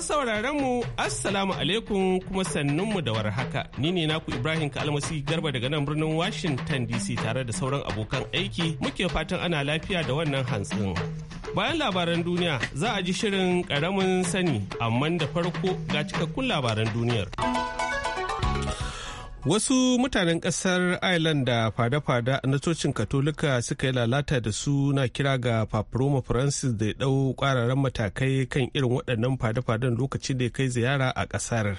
Masu sauraron mu Assalamu alaikum kuma mu da warhaka. Ni ne naku Ibrahim Kalmasi Garba daga nan birnin Washington DC tare da sauran abokan aiki muke fatan ana lafiya da wannan hantsin. Bayan labaran duniya za a ji shirin karamin sani amma da farko ga cikakkun labaran duniyar. Wasu mutanen kasar Ireland da fada-fada na cocin Katolika suka yi lalata da su na kira ga paproma Francis da ya dau kwararren matakai kan irin waɗannan fada-fadan lokacin da ya kai ziyara a ƙasar.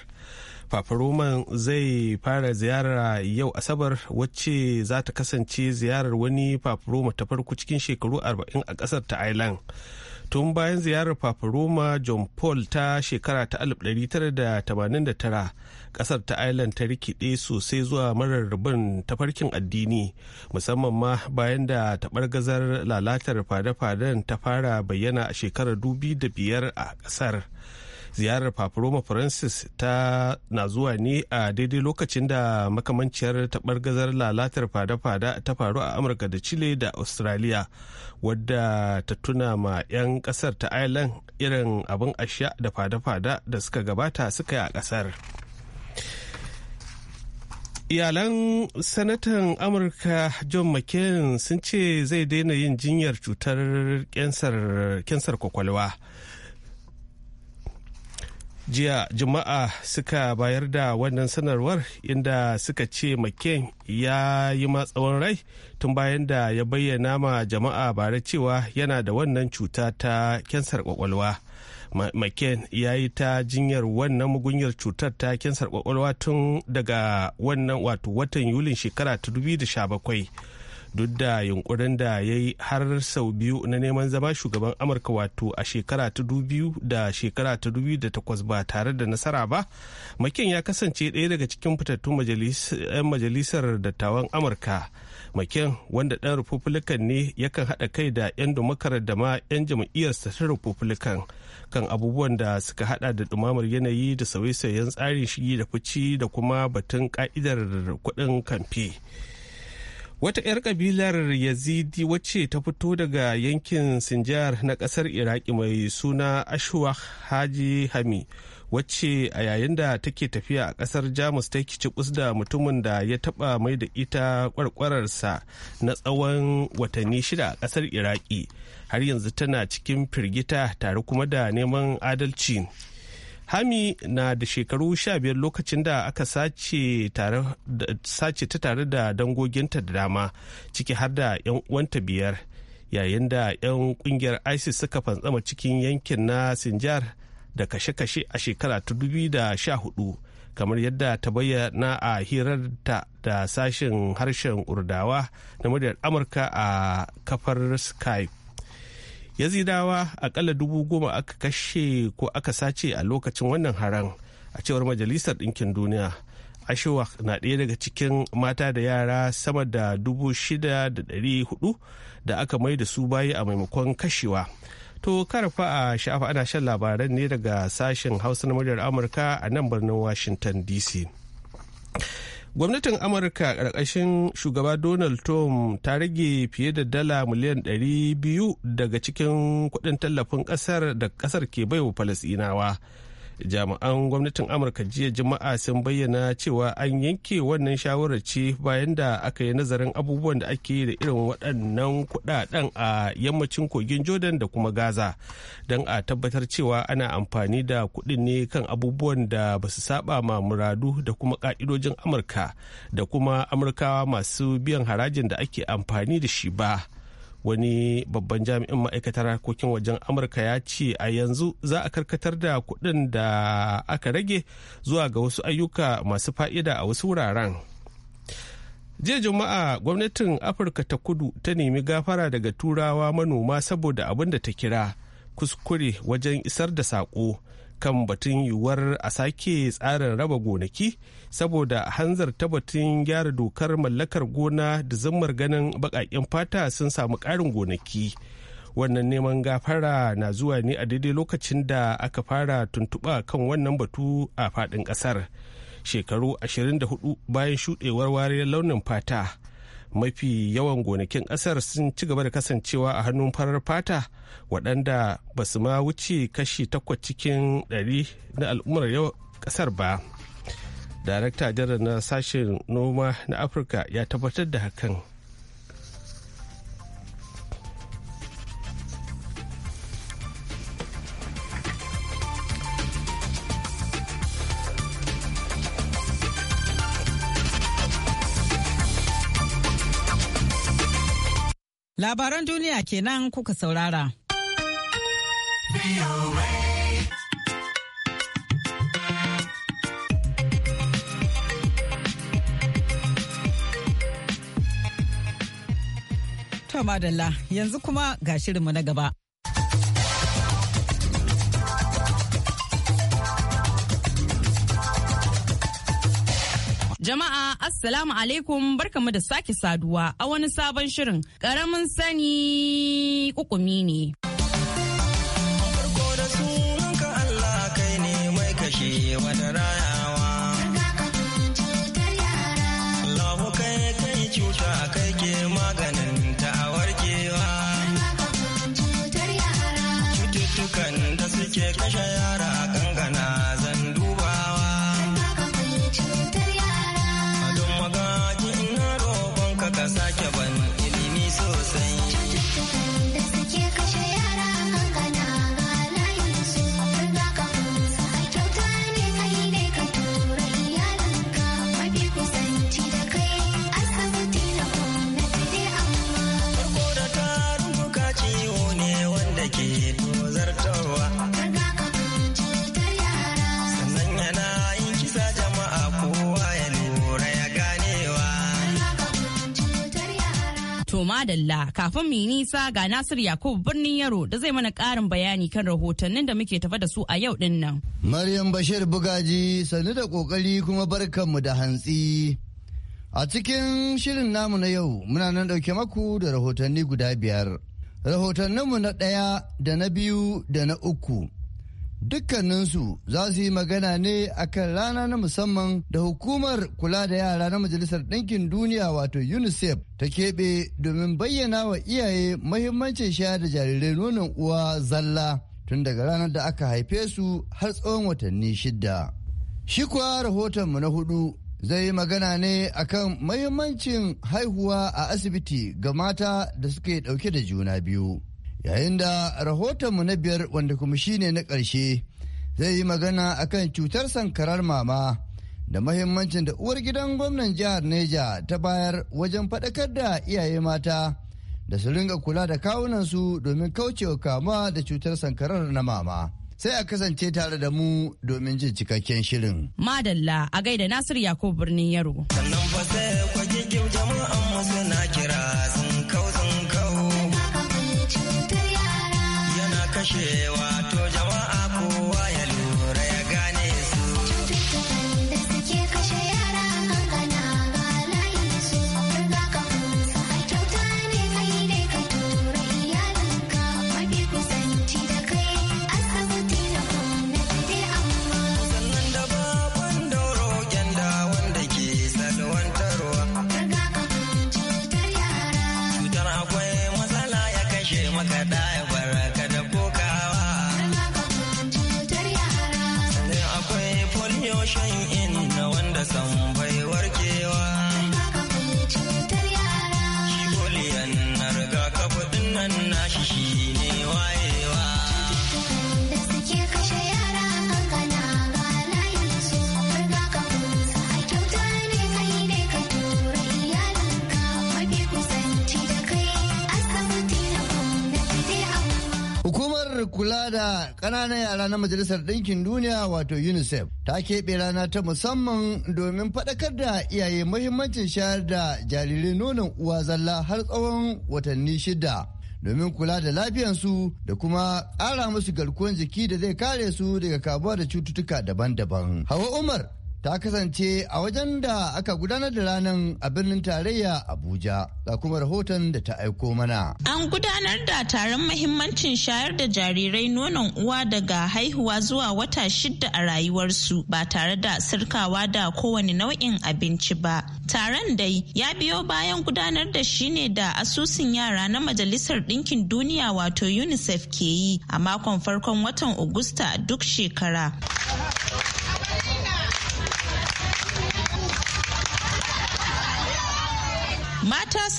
Paparoman zai fara ziyara yau Asabar wacce za ta kasance ziyarar wani paproma ta farko cikin shekaru 40 a ƙasar ta Ireland. tun bayan ziyarar paproma John Paul ta shekara ta 1989 kasar ta Ireland ta rikide sosai zuwa marar rubin tafarkin addini musamman ma bayan da gazar lalatar fada fadan ta fara bayyana a shekarar dubi da biyar a kasar. ziyarar paparoma francis ta na zuwa ne a daidai lokacin da makamanciyar gazar lalatar fada-fada ta faru a amurka da chile da australia wadda ta tuna ma 'yan kasar ta ireland irin abin asha da fada-fada da suka gabata suka yi a kasar. Iyalan Sanatan Amurka John McCain sun ce zai daina yin jinyar cutar kensar kwakwalwa. jiya juma'a suka bayar da wannan sanarwar inda suka ce mccain ya yi matsawon rai tun bayan da ya bayyana ma jama'a bare cewa yana da wannan cuta ta kensar kwakwalwa mccain ya yi ta jinyar wannan mugunyar cutar ta kinsar kwakwalwa tun daga wannan wato watan yulin shekara ta 2017 duk da yunkurin da ya yi har sau biyu na neman zama shugaban amurka wato a shekara ta dubi da shekara ta dubi da takwas ba tare da nasara ba makin ya kasance ɗaya daga cikin fitattun majalisar dattawan amurka makin wanda ɗan republican ne yakan haɗa kai da 'yan dumakarar da ma 'yan jam'iyyarsa ta republican kan abubuwan da suka haɗa da ɗumamar yanayi da sauye-sauyen tsarin shigi da fici da kuma batun ka'idar kuɗin kamfe. wata 'yar kabilar yazidi wacce ta fito daga yankin sinjar na kasar iraki mai suna ashwa haji hami wacce a yayin da take tafiya a kasar jamus ta kicibus da mutumin da ya taba mai da ita kwarkwararsa na tsawon watanni shida a kasar iraki har yanzu tana cikin firgita tare kuma da neman adalci hami na da shekaru sha biyar lokacin da aka sace ta tare da dangoginta da dama ciki har da 'yan uwanta biyar yayin da 'yan kungiyar isis suka fantsama cikin yankin na sinjar da kashe-kashe a shekara ta da sha 2014 kamar yadda ta bayyana a hirar ta da sashen harshen urdawa na muryar amurka a kafar skype yazidawa akalla dubu goma aka kashe ko aka sace a lokacin wannan haran a cewar majalisar ɗinkin duniya ashewa na ɗaya daga cikin mata da yara sama da dubu shida da ɗari hudu da aka mai da su bayi a maimakon kashewa To karfa a sha'afa ana shan labaran ne daga sashen Hausa na muryar Amurka a nan birnin Washington DC. Gwamnatin Amurka ƙarƙashin shugaba Donald Trump ta rage fiye da dala miliyan ɗari biyu daga cikin kuɗin tallafin ƙasar da ƙasar ke baiwa Falasɗinawa. jami'an gwamnatin amurka jiya juma'a sun bayyana cewa an yanke wannan shawarar ce bayan da aka yi nazarin abubuwan da ake yi da irin waɗannan kuɗaɗen a yammacin kogin jordan da kuma gaza don a tabbatar cewa ana amfani da kuɗin ne kan abubuwan da ba su saba ma muradu da kuma ƙa'idojin amurka da kuma amurkawa masu biyan harajin da ake amfani da shi ba. wani babban jami'in ma'aikatar harkokin wajen amurka ya ce a yanzu za a karkatar da kuɗin da aka rage zuwa ga wasu ayyuka masu fa'ida a wasu wuraren jiya juma'a gwamnatin afirka ta kudu ta nemi gafara daga turawa manoma saboda abin da ta kira kuskure wajen isar da saƙo kan batun yiwuwar a sake tsarin raba gonaki saboda hanzar ta batun gyara dokar mallakar gona da zammar ganin baƙaƙen fata sun samu ƙarin gonaki wannan neman gafara na zuwa ne a daidai lokacin da aka fara tuntuɓa kan wannan batu a faɗin ƙasar shekaru 24 bayan shuɗewar wariyar launin fata mafi yawan gonakin ƙasar sun ci gaba da kasancewa a hannun farar fata waɗanda ba su ma wuce kashi takwas cikin ɗari na al'ummar yau ƙasar ba darakta janar na sashen noma na afirka ya tabbatar da hakan Labaran duniya kenan kuka saurara. tomadala yanzu kuma ga shirinmu na gaba. Jama'a Assalamu alaikum barkamu da sake saduwa a wani sabon shirin ƙaramin sani kukumi ne. Farko da sunanka Allah kai ne mai kashe wata rana. kafin mu yi nisa ga Nasir Yakubu birnin Yaro da zai mana ƙarin bayani kan rahotannin da muke tafa da su a yau din nan. Maryam Bashir Bugaji sannu da kokari kuma barkanmu da hantsi. A cikin shirin namu na yau muna nan ɗauke maku da rahotanni guda biyar. Rahotanninmu na ɗaya da na biyu da na uku. dukkaninsu za su yi magana ne a kan rana na musamman da hukumar kula da yara na majalisar ɗinkin duniya wato unicef ta keɓe domin bayyana wa iyaye mahimmancin shayar da jarirai nonon uwa zalla tun daga ranar da aka haife su har tsawon watanni shida shi kuwa rahotonmu na hudu zai yi magana ne a kan mahimmancin haihuwa a asibiti ga mata da suke ɗauke da juna biyu yayin da rahotonmu na biyar wanda kuma shine na ƙarshe zai yi magana akan cutar sankarar mama da mahimmancin da uwar gidan gwamnan jihar neja ta bayar wajen faɗakar da iyaye mata da su ringa kula da kawunansu domin kaucewa kama da cutar sankarar na mama. sai a kasance tare da mu domin jin cikakken shirin. Madalla a gaida Nasir Yakubu birnin Yaro. shan inna wanda san bai warkewa kula da ƙananan yara na Majalisar Ɗinkin Duniya wato UNICEF ta keɓe rana ta musamman domin faɗakar da iyaye mahimmancin shayar da jarirai nonon uwa zalla har tsawon watanni shida. domin kula da lafiyansu da kuma ƙara musu garkuwar jiki da zai kare su daga kabuwa da cututtuka daban-daban. Hawa Umar ta kasance a wajen da aka gudanar da ranar a birnin tarayya Abuja ga kuma rahoton da ta aiko mana. An gudanar da taron mahimmancin shayar da jarirai nonon uwa daga haihuwa zuwa wata shida a rayuwarsu ba tare da sirkawa da kowane nau'in abinci ba. Taron dai ya biyo bayan gudanar da shi ne da asusun yara na Majalisar Ɗinkin Duniya wato UNICEF ke yi a makon farkon watan Agusta duk shekara.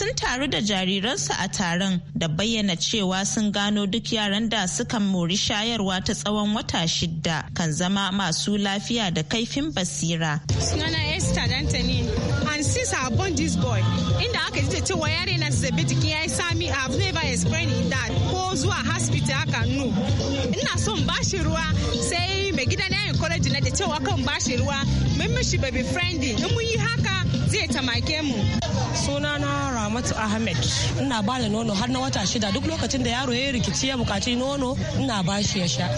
sun taru da jariransu a taron da bayyana cewa sun gano duk yaran da suka mori shayarwa ta tsawon wata shidda kan zama masu lafiya da kaifin basira. Sunana Esther Dantani and since I born this boy inda aka ji cewa yare na zazzabi jiki ya yi sami I never explained that ko zuwa hospital haka no. Ina son bashi ruwa sai mai gida na yin na da cewa kan bashi ruwa mun mishi baby friendly in mun yi haka zai tamake mu sunana ramatu ahmed ina ba da nono har na wata shida duk lokacin da yaro ya rikici ya bukaci nono ina ba shi ya sha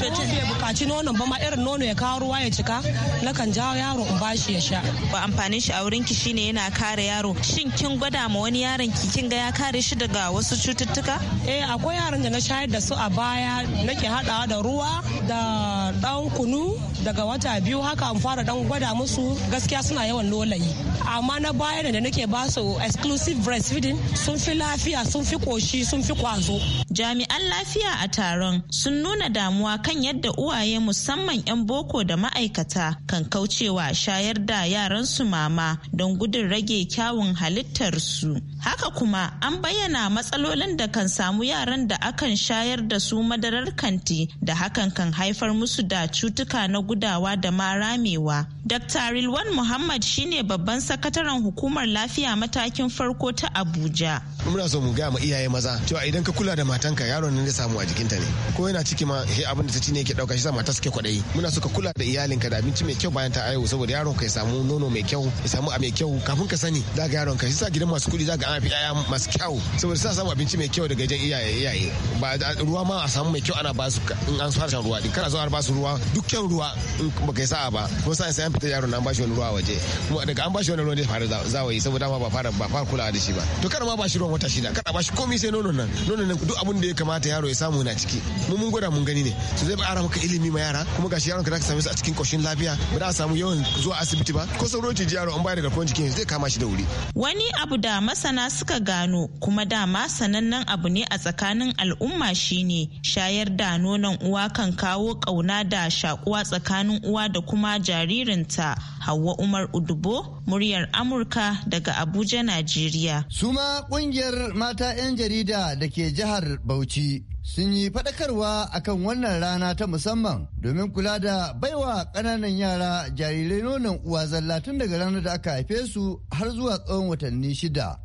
to ce ya bukaci nono ba ma irin nono ya kawo ruwa ya cika na kan jawo yaro in ba shi ya sha ba amfanin shi a wurin ki shine yana kare yaro shin kin gwada ma wani yaron ki kin ga ya kare shi daga wasu cututtuka eh akwai yaran da na shayar da su a baya nake hadawa da ruwa da dan kunu daga wata biyu haka an fara dan gwada musu gaskiya suna yawan lolayi amma na bayan da nake ba exclusive breastfeeding sun fi lafiya sun fi koshi sun fi kwazo jami'an lafiya a taron sun nuna damuwa kan yadda uwaye musamman 'yan boko da ma'aikata kan kaucewa shayar da yaransu mama don gudun rage kyawun halittarsu haka kuma an bayyana matsalolin da kan samu yaran da akan shayar da su madarar kanti da hakan kan haifar musu da cutuka na gudawa da ma ramewa dr rilwan muhammad shine babban sakataren hukumar lafiya matakin farko ta abuja muna so mu gaya ma iyaye maza cewa idan ka kula da mata matanka yaron ne da samu a jikinta ne ko yana ciki ma he abin da ta ci ne yake dauka shi sa mata suke kwadayi muna suka kula da iyalinka da abinci mai kyau bayan ta aiwo saboda yaron ka ya samu nono mai kyau ya samu a mai kyau kafin ka sani za ga yaron ka shi sa gidan masu kuɗi za ga an fi yaya masu kyau saboda sa samu abinci mai kyau daga jan iyaye iyaye ba ruwa ma a samu mai kyau ana su in an fara shan ruwa din kana so ba su ruwa dukkan ruwa in ba kai sa'a ba ko sai sai an fita yaron an bashi wani ruwa waje kuma daga an bashi wani ruwa ne fara zawayi saboda ma ba fara ba fara kulawa da shi ba to kana ma shi ruwan wata shida ba bashi komai sai nono nan nono nan duk abin abin da ya kamata yaro ya samu na ciki mu mun gwada mun gani ne su zai ara maka ilimi ma yara kuma gashi yaron ka zaka same su a cikin koshin lafiya ba za a samu yawan zuwa asibiti ba ko sauro ji yaro an bayar da garkuwar jikin zai kama shi da wuri wani abu da masana suka gano kuma dama sanannen abu ne a tsakanin al'umma shine shayar da nonon uwa kan kawo kauna da shakuwa tsakanin uwa da kuma jaririnta Hauwa Umar Udubo, muryar Amurka daga Abuja, Najeriya. Suma kungiyar mata 'yan jarida da ke jihar Bauchi sun yi faɗakarwa akan wannan rana ta musamman domin kula da baiwa ƙananan yara jarirai nonon uwa zalla tun daga ranar da aka haife su har zuwa tsawon watanni shida.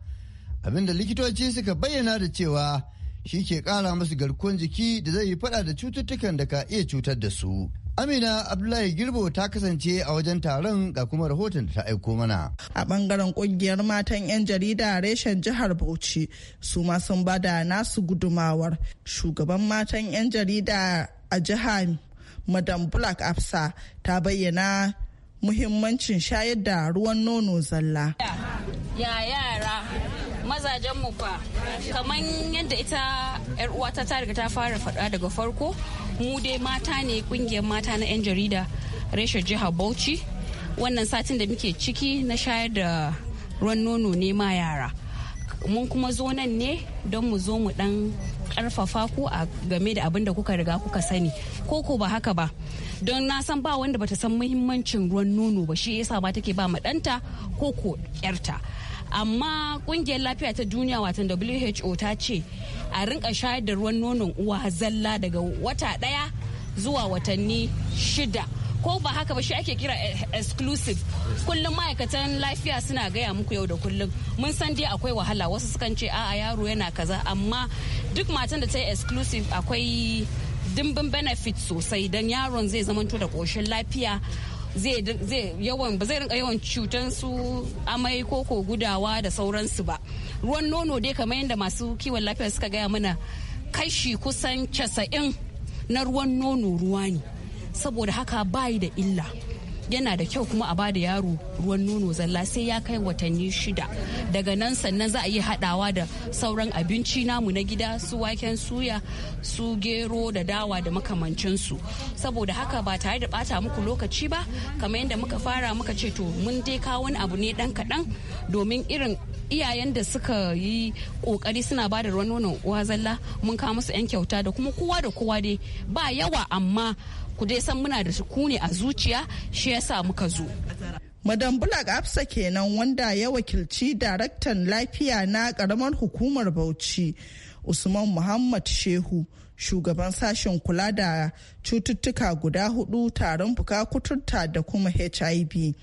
Abinda likitoci suka bayyana da cewa shi ke ƙara masu garkuwar jiki da zai yi faɗa da cututtukan da ka iya cutar da su. Amina Abdullahi Girbo ta kasance a wajen taron ga kuma rahoton da ta aiko mana. A bangaren kungiyar matan 'yan jarida reshen jihar Bauchi su ma sun bada nasu gudumawar. Shugaban matan 'yan jarida a jiha Madam Black Afsa ta bayyana muhimmancin shayar da ruwan nono zalla. Ya yara mazajen mu fa kaman yadda ita yar uwata ta riga ta fara faɗa daga farko mu dai mata ne kungiyar mata na 'yan jarida reshen jiha bauchi wannan satin da muke ciki na shayar da ruwan nono ne ma yara mun kuma zo nan ne don mu zo mu dan karfafa ku a game da abin da kuka riga kuka sani ko ko ba haka ba don na san ba wanda bata san muhimmancin ruwan nono ba shi yasa ba take ba ma ɗanta ko ko 'yarta amma kungiyar lafiya ta duniya watan who ta ce a rinka shayar da ruwan nonon uwa zalla daga wata daya zuwa watanni shida ko ba haka ba shi ake kira exclusive kullum ma'aikatan lafiya suna gaya muku yau da kullum mun san dai akwai wahala wasu sukan ce a'a yaro yana kaza amma duk matan da ta yi exclusive akwai dimbin benefit sosai don yaron zai zamanto da koshin lafiya zai yawan ba zai rinka yawan cutan su amai koko gudawa da sauransu ba ruwan nono dai kamar yadda masu kiwon lafiya suka gaya mana kashi kusan casa'in na ruwan nono ruwa ne saboda haka bayi da illa yana da kyau kuma a ba da yaro ruwan nono zalla sai ya kai watanni shida daga nan sannan za a yi haɗawa da sauran abinci namu na gida su waken suya su gero da dawa da makamancinsu saboda haka ba tare da bata muku lokaci ba kamar yadda muka fara muka ce to mun dai kawo wani abu ne dan kaɗan domin irin iyayen da suka yi kokari suna ba da ruwan nono uwa zalla mun kawo musu 'yan kyauta da kuma kowa da kowa dai ba yawa amma ku dai san muna da sukuni ne a zuciya shi yasa muka zo Madam Bulak Absa kenan wanda ya wakilci daraktan lafiya na karamar hukumar Bauchi Usman Muhammad Shehu shugaban sashen kula da cututtuka guda hudu taron fuka kuturta da kuma HIV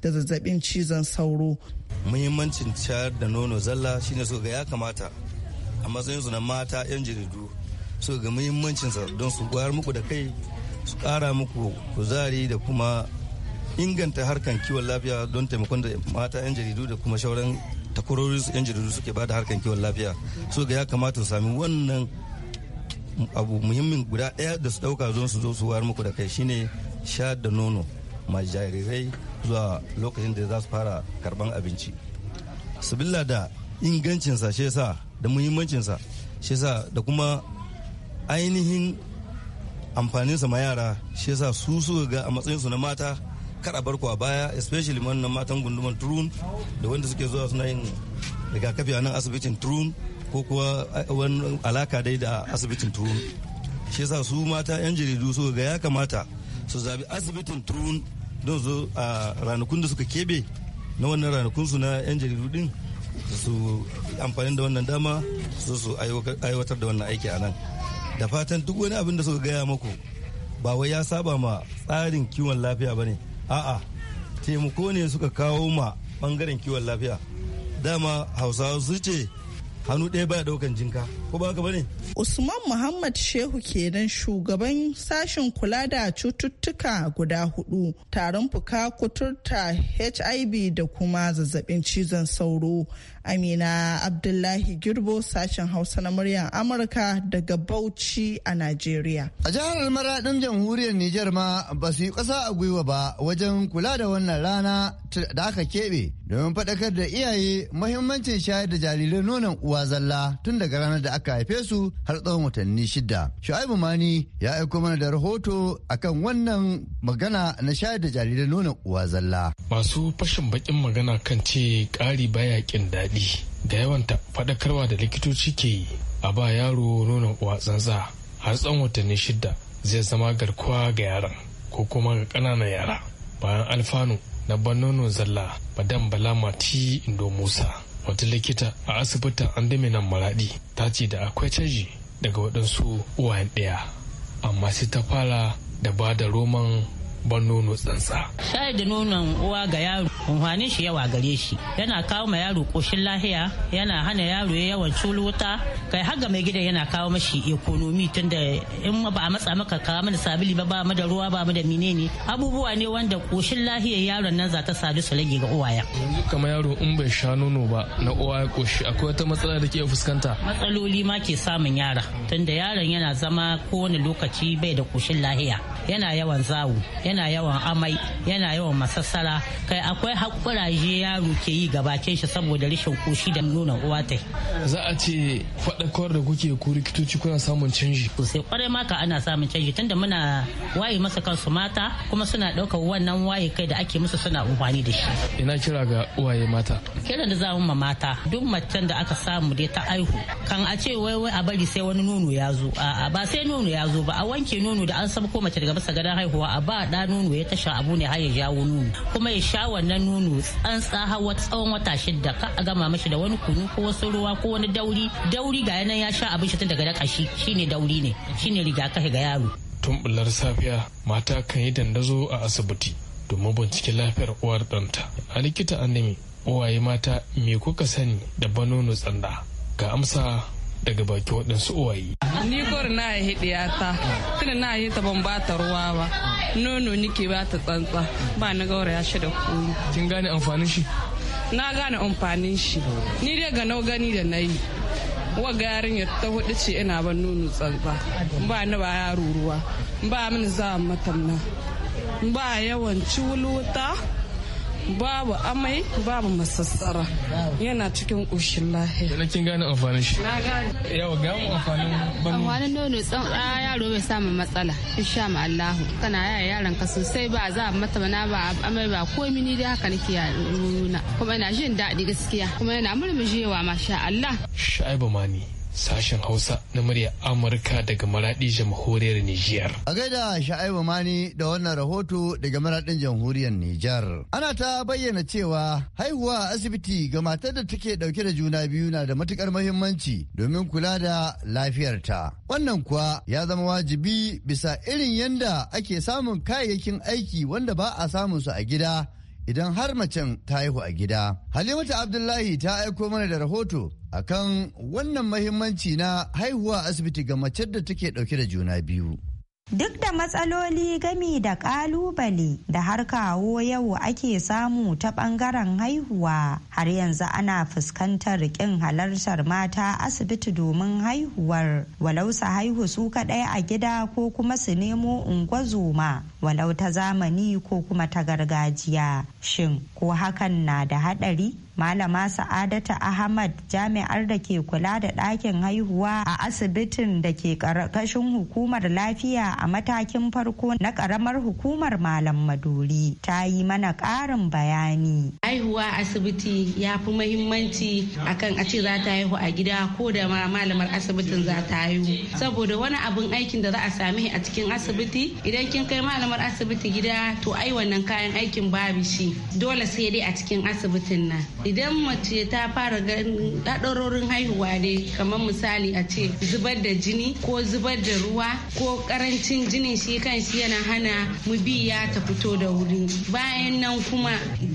da zazzabin cizon sauro. Muhimmancin ciyar da nono zalla shine suka ga ya kamata a matsayin na mata 'yan jaridu suka ga muhimmancinsa don su gwayar muku da kai su kara muku kuzari da kuma inganta harkan kiwon lafiya don taimakon da mata 'yan jaridu da kuma shauran takwarori 'yan jaridu suke bada harkan kiwon lafiya so ga ya kamata su sami wannan abu muhimmin guda ɗaya da su ɗauka zuwa su zo su wayar muku da kai shine sha da nono ma jarirai zuwa lokacin da za su fara karban abinci sabilla da ingancinsa shesa da muhimmancinsa shesa da kuma ainihin amfanin sa ma yara shi yasa su suka ga a matsayin su na mata kada barku a baya especially wannan matan gunduman turun da wanda suke zuwa suna yin rigakafi a nan asibitin turun ko kuwa eh, wani alaka dai da asibitin turun shi yasa su mata yan jaridu suka ga ya kamata su zabi asibitin turun don zo a ranakun da suka kebe na wannan ranakun su na yan jaridu din su amfani da wannan dama su su aiwatar da wannan aiki a nan da fatan duk wani abin da suka gaya muku ba wai ya saba ma tsarin kiwon lafiya ba ne a'a taimako ne suka kawo ma bangaren kiwon lafiya dama hausawa su ce hannu ɗaya baya ɗaukan jinka ko ba haka bane usman muhammad shehu kenan shugaban sashen kula da cututtuka guda hudu tarin fuka kuturta hiv da kuma zazzabin cizon sauro Amina Abdullahi Girbo sashen Hausa na muryar Amurka daga Bauchi a Najeriya. A jihar Maradin jamhuriyar Nijar ma ba su yi ƙasa a gwiwa ba wajen kula da wannan rana da aka keɓe domin faɗakar da iyaye muhimmancin shayar da jarirai nonon uwa zalla tun daga ranar da aka haife su har tsawon watanni shida. Shu'aibu Mani ya aiko mana da rahoto akan wannan magana na shayar da jarirai nonon uwa zalla. Masu fashin baƙin magana kan ce ƙari baya ƙin daɗi. gargaɗi da yawan faɗakarwa da likitoci ke yi a ba yaro nuna uwa tsantsa har tsawon watanni shida zai zama garkuwa ga yaran ko kuma ga ƙananan yara bayan alfanu na ban nono zalla madam bala mati indo musa wata likita a asibitin andaminan maraɗi ta ce da akwai canji daga waɗansu uwayen ɗaya amma sai ta fara da ba da roman ban nono tsantsa. Shayar da nonon uwa ga yaro amfanin shi yawa gare shi yana kawo ma yaro koshin lahiya yana hana yaro yawan culuta kai haga mai gidan yana kawo mashi ekonomi tunda in ba a matsa maka kawo mana sabili ba ba mu da ruwa ba mu da menene abubuwa ne wanda koshin lahiya yaron nan za ta sadu su rage ga uwaya. Yanzu kamar yaro in bai sha nono ba na uwa ya koshi akwai wata matsala da ke fuskanta. Matsaloli ma ke samun yara tunda yaron yana zama kowane lokaci bai da koshin lahiya. yana yawan zawo yana yawan amai yana yawan masassara kai akwai hakuraje yaro ke yi gabakin shi saboda rashin koshi da nuna uwa ta za a ce fadakar da kuke ku rikitoci kuna samun canji sosai kwarai maka ana samun canji tunda muna waye masa kansu mata kuma suna ɗaukar wannan waye kai da ake musu suna amfani da shi ina kira ga waye mata kiran da zamu ma mata duk mace da aka samu dai ta aihu kan a ce wai wai a bari sai wani nono ya zo a ba sai nono ya zo ba a wanke nono da an sabko mace daga daga bisa gadon haihuwa a ba da nono ya tasha abu ne har ya jawo nono kuma ya sha wannan nono tsantsa har tsawon wata shida ka a gama mashi da wani kunu ko wasu ruwa ko wani dauri dauri ga yanan ya sha abin shi tun daga da kashi shine dauri ne shine rigakafi ga yaro tun bular safiya mata kan yi dandazo a asibiti domin binciken lafiyar uwar ɗanta a likita annemi uwaye mata me kuka sani da banono tsanda ga amsa daga baki waɗansu uwaye na ya ta tunan na haihi ta ban ba ta ruwa ba nono nike ba ta tsantsa ba na ya shi da koyi kin gane amfanin shi na gane amfanin shi ni dai ga nau gani da na yi garin ya ta hudu ce ina ban nono tsantsa ba na ba ya ruwa ba mini za a matamna ba yawan ciwuluta babu amai babu masassara yana cikin ƙoshin lahiya na kin gane amfanin shi na gane yawa ga mu amfanin banu amfanin nono tsan yaro bai samu matsala insha ma Allah kana yaya yaron ka sosai ba za a mata bana ba amai ba komai ni dai haka nake nuna. kuma ina jin daɗi gaskiya kuma yana murmushewa masha Allah shaibu mani sashen Hausa na murya Amurka daga maraɗi jamhuriyar Nijiyar. A gaida Sha'aibu Mani da wannan rahoto daga maraɗin jamhuriyar Nijar. Ana ta bayyana cewa haihuwa asibiti ga matar da take ɗauke da juna biyu na da matukar muhimmanci domin kula da lafiyarta. Wannan kuwa ya zama wajibi bisa irin yanda ake samun kayayyakin aiki wanda ba a samun su a gida idan har macen ta haihu a gida. Halimatu Abdullahi ta aiko mana da rahoto akan wannan mahimmanci na haihuwa asibiti ga mace da take dauke da juna biyu. Duk da matsaloli gami da ƙalubale da har kawo yau ake samu ta ɓangaren haihuwa har yanzu ana fuskantar ƙin halartar mata asibiti domin haihuwar walau su haihu su kaɗai a gida ko kuma su nemo ungwazoma walau ta zamani ko kuma ta gargajiya shin ko hakan na da haɗari Malama Sa'adata Ahmad jami'ar da ke kula da ɗakin haihuwa a asibitin da ke ƙarƙashin hukumar lafiya a matakin farko na ƙaramar hukumar Malam Maduri ta yi mana ƙarin bayani. Haihuwa asibiti ya fi muhimmanci akan a ce za ta haihu a gida ko da ma malamar asibitin za ta haihu. Saboda wani abin aikin da za a sami a cikin asibiti idan kin kai malamar asibiti gida to ai wannan kayan aikin babu shi dole sai dai a cikin asibitin nan. idan mace ta fara ganin ɗaɗarorin haihuwa ne kamar misali a ce zubar da jini ko zubar da ruwa ko karancin jinin shi kan yana hana mubiya ta fito da wuri bayan nan kuma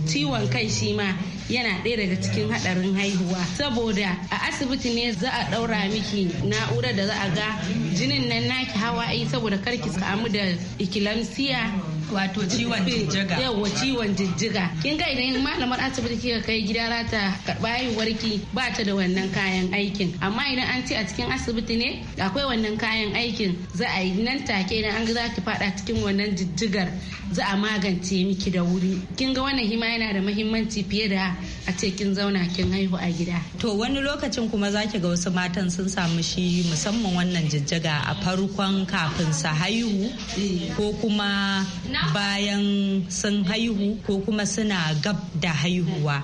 ciwon kai shi ma yana ɗaya daga cikin haɗarin haihuwa saboda a asibiti ne za a ɗaura miki na'urar da za a ga jinin nan naki hawa ai saboda kar ki samu da ikilamsiya wato ciwon jijjiga yawa ciwon jijjiga kin ga idan malamar asibiti kika kai gida za ta karba warki ba ta da wannan kayan aikin amma idan an ce a cikin asibiti ne akwai wannan kayan aikin za a yi nan take idan an ga za ki fada cikin wannan jijjigar za a magance miki da wuri kin ga wannan hima yana da muhimmanci fiye da a ce kin zauna kin haihu a gida to wani lokacin kuma zaki ga wasu matan sun samu shi musamman wannan jijjiga a farkon kafin sa haihu eh. ko kuma bayan sun haihu ko kuma suna gab da haihuwa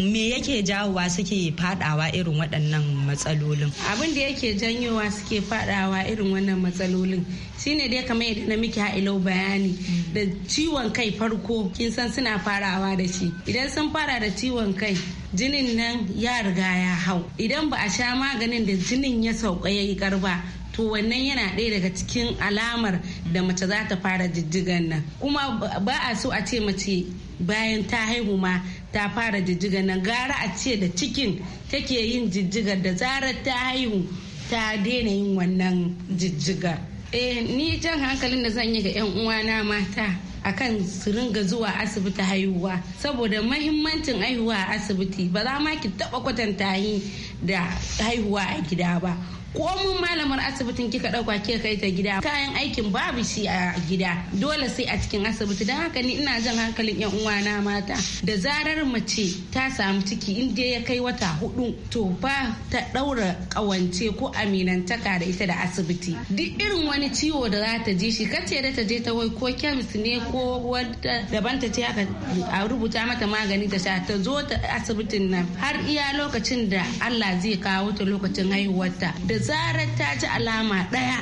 me yake jawowa suke fadawa irin waɗannan matsalolin abin da yake janyowa suke fadawa irin wannan matsalolin shine dai kamar yadda na miki ha'ilau bayani da ciwon kai farko kin san suna farawa da shi idan sun fara da ciwon kai jinin nan ya riga ya hau idan ba a sha maganin da jinin ya sauka ya yi karba to wannan yana ɗaya daga cikin alamar da mace za ta fara jijjigan nan kuma ba a so a ce mace bayan ta haihu ma ta fara jijjigan nan gara a ce da cikin take yin jijjigar da zarar ta haihu ta daina yin wannan jijjigar eh ni jan hankalin da zan yi ga 'yan uwana mata akan su ringa zuwa asibiti haihuwa saboda mahimmancin haihuwa a asibiti ba za ma ki taba kwatanta yi da haihuwa a gida ba ko mun malamar asibitin kika dauka kika kai ta gida kayan aikin babu shi a gida dole sai a cikin asibiti don haka ni ina jan hankalin yan uwana mata da zarar mace ta samu ciki in dai ya kai wata hudu to ba ta daura kawance ko aminantaka da ita da asibiti duk irin wani ciwo da za ta ji shi kace da ta je ta wai ko kemis ne ko wata. daban ta ce aka a rubuta mata magani ta sha ta zo ta asibitin nan har iya lokacin da Allah zai kawo ta lokacin haihuwarta da zarar ta ji alama ɗaya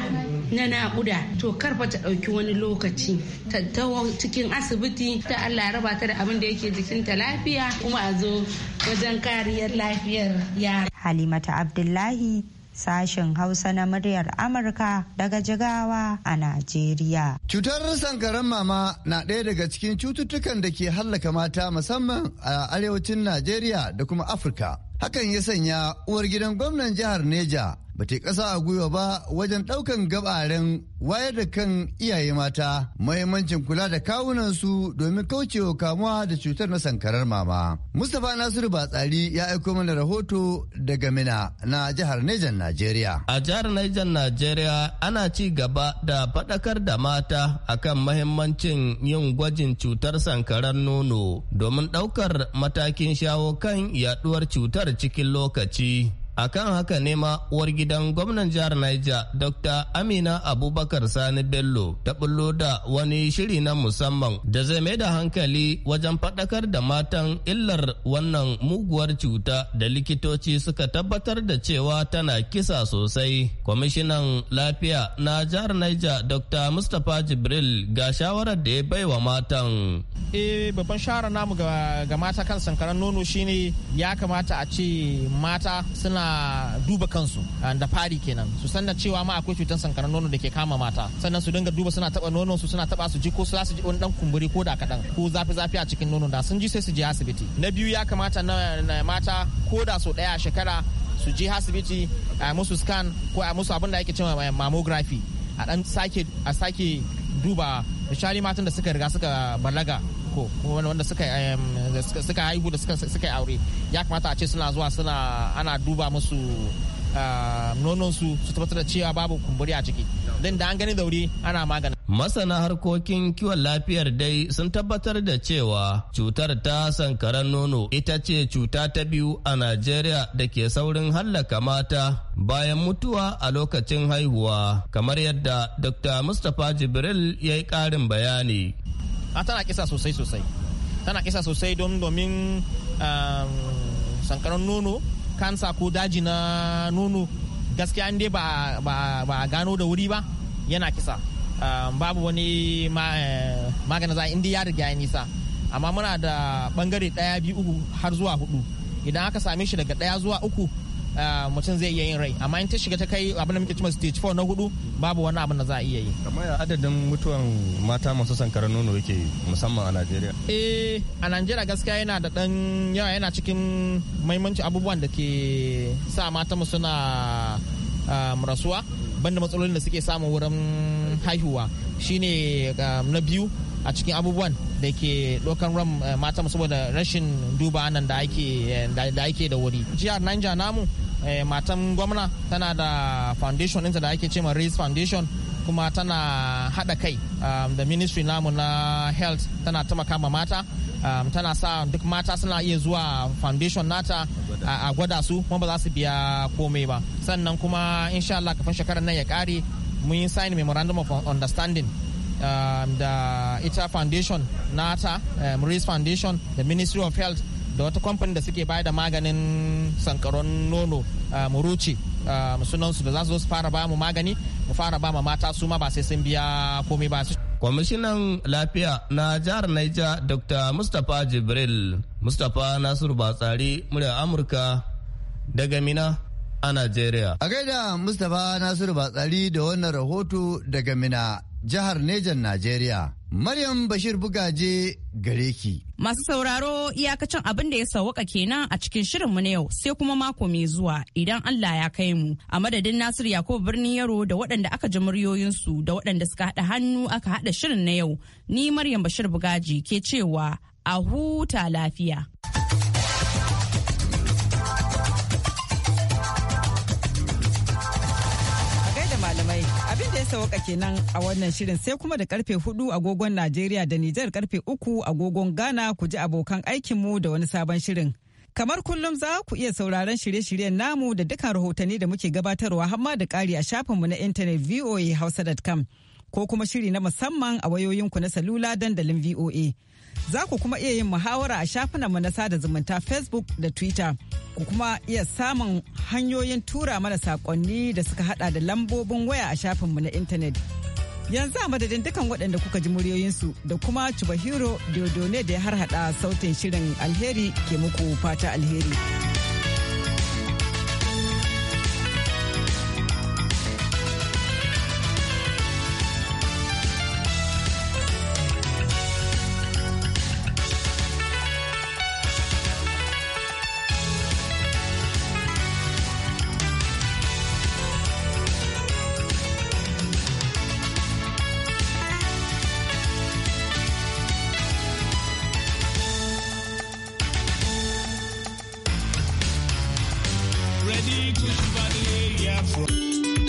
na naƙuda to karfa ta ɗauki wani lokaci ta tawo cikin asibiti ta Allah raba ta da abin da yake jikinta lafiya kuma a zo wajen kariyar lafiyar yara. Halimata Abdullahi sashen Hausa na muryar Amurka daga Jigawa a Najeriya. Cutar sankaran mama na ɗaya daga cikin cututtukan da ke hallaka mata musamman a arewacin Najeriya da kuma Afirka. Hakan ya sanya uwar gidan gwamnan jihar Neja ba ta ƙasa a gwiwa ba wajen ɗaukan gabaren wayar da kan iyaye mata mahimmancin kula da kawunansu domin kaucewa kamuwa da cutar na sankarar mama. Mustapha Nasiru Batsari ya aiko mana rahoto daga Mina na jihar Nejan Najeriya. A jihar Nejan Najeriya ana ci gaba da faɗakar da mata akan mahimmancin yin gwajin cutar sankarar nono domin ɗaukar matakin shawo kan yaɗuwar cutar cikin lokaci. akan haka ne ma uwar gidan gwamnan jihar Niger Dr. Amina Abubakar Sani Bello ta bullo da wani shiri na musamman da zai mai da hankali wajen faɗakar da matan illar wannan muguwar cuta da likitoci suka tabbatar da cewa tana kisa sosai. Kwamishinan lafiya na jihar Niger Dr. Mustapha Jibril ga shawarar da ya baiwa matan. Eh babban shawara namu ga mata kan sankaran nono shine ya kamata a ce mata suna duba kansu ah, da fari kenan su san da cewa ma akwai cutar sankaran nono da ke kama mata sannan su dinga duba suna taba nono su suna taba su ji ko su ji wani dan kumburi ko da kadan ko zafi zafi a cikin nono da sun ji sai su je asibiti na biyu ya kamata na mata ko da so daya shekara su je asibiti a musu scan ko a musu abin da ake cewa eh, mammography a dan sake a sake duba misali matan da suka riga suka balaga ko wanda suka suka haihu da suka suka yi aure ya kamata a ce suna zuwa suna ana duba musu nonon su su tabbatar da cewa babu kumburi a ciki don da an gani da wuri ana magana masana harkokin kiwon lafiyar dai sun tabbatar da cewa cutar ta sankaran nono ita ce cuta ta biyu a najeriya da ke saurin hallaka mata bayan mutuwa a lokacin haihuwa kamar yadda dr mustapha jibril ya yi karin bayani Ah, tana kisa sosai sosai tana kisa sosai don domin um, sankaran nono kansa ko daji na nono gaskiya an dai ba a gano da wuri ba yana kisa um, babu wani eh, maganin za inda ya riga ya nisa amma muna da bangare daya biyu uku har zuwa hudu idan aka same shi daga daya zuwa uku mutum zai iya yin rai amma in ta shiga ta kai abin da muke cewa stage 4 na hudu babu wani abin da za a iya yi kamar ya adadin mutuwan mata masu sankaran nono yake musamman a Najeriya eh a Najeriya gaskiya yana da dan yawa yana cikin maimanci abubuwan da ke sa mata mu suna rasuwa banda matsalolin da suke samu wurin haihuwa shine na biyu a cikin abubuwan da ke dokan ram eh, mata saboda rashin duba nan eh, da ake da wuri jihar Niger namu Eh, matan gwamna tana da foundation ɗinta da ake ce ma raise foundation kuma tana haɗa kai um, da ministry namu na health tana taimaka ma mata um, tana sa duk mata suna iya zuwa foundation nata a gwada su kuma ba za su biya komai ba sannan kuma insha Allah kafin shekarar nan ya kare mun yi sign memorandum of understanding um, da ita foundation nata foundation da ministry of health da wata kamfani da suke bayar da maganin sankaron nono muruci sunansu da za su fara ba mu magani mu fara ba ma mata su ma ba sai sun biya komai ba su kwamishinan lafiya na jihar naija dr mustapha jibril mustapha nasiru batsari murya amurka daga mina a nigeria a gaida mustapha nasiru batsari da wannan rahoto daga mina jihar nejan nigeria Maryam Bashir Bugaje gare ki. Masu sauraro iyakacin abin da ya sauwaka kenan a cikin shirin mu na yau sai kuma mako mai zuwa idan Allah ya kai mu. A madadin Nasir Yakubu birnin Yaro da waɗanda aka ji muryoyinsu da waɗanda suka haɗa hannu aka haɗa shirin na yau. Ni Maryam Bashir Bugaji ke cewa a huta lafiya. sawaka kenan a wannan shirin sai kuma da karfe hudu agogon Najeriya da Nijar karfe uku agogon Ghana ku ji abokan aikinmu da wani sabon shirin. Kamar kullum za ku iya sauraron shirye-shiryen namu da dukkan rahotanni da muke gabatarwa hamma da ƙari a shafinmu na intanet voahausa.com. ko kuma shiri na musamman a wayoyinku na salula dandalin VOA. Za ku kuma iya yin muhawara a mu na sada zumunta Facebook da Twitter. Ku kuma iya samun hanyoyin tura mana saƙonni da suka hada da lambobin waya a shafinmu na intanet. Yanzu a madadin dukan waɗanda kuka ji muryoyinsu da kuma Chubahiro ne da ya harhaɗa sautin shirin alheri ke muku fata alheri.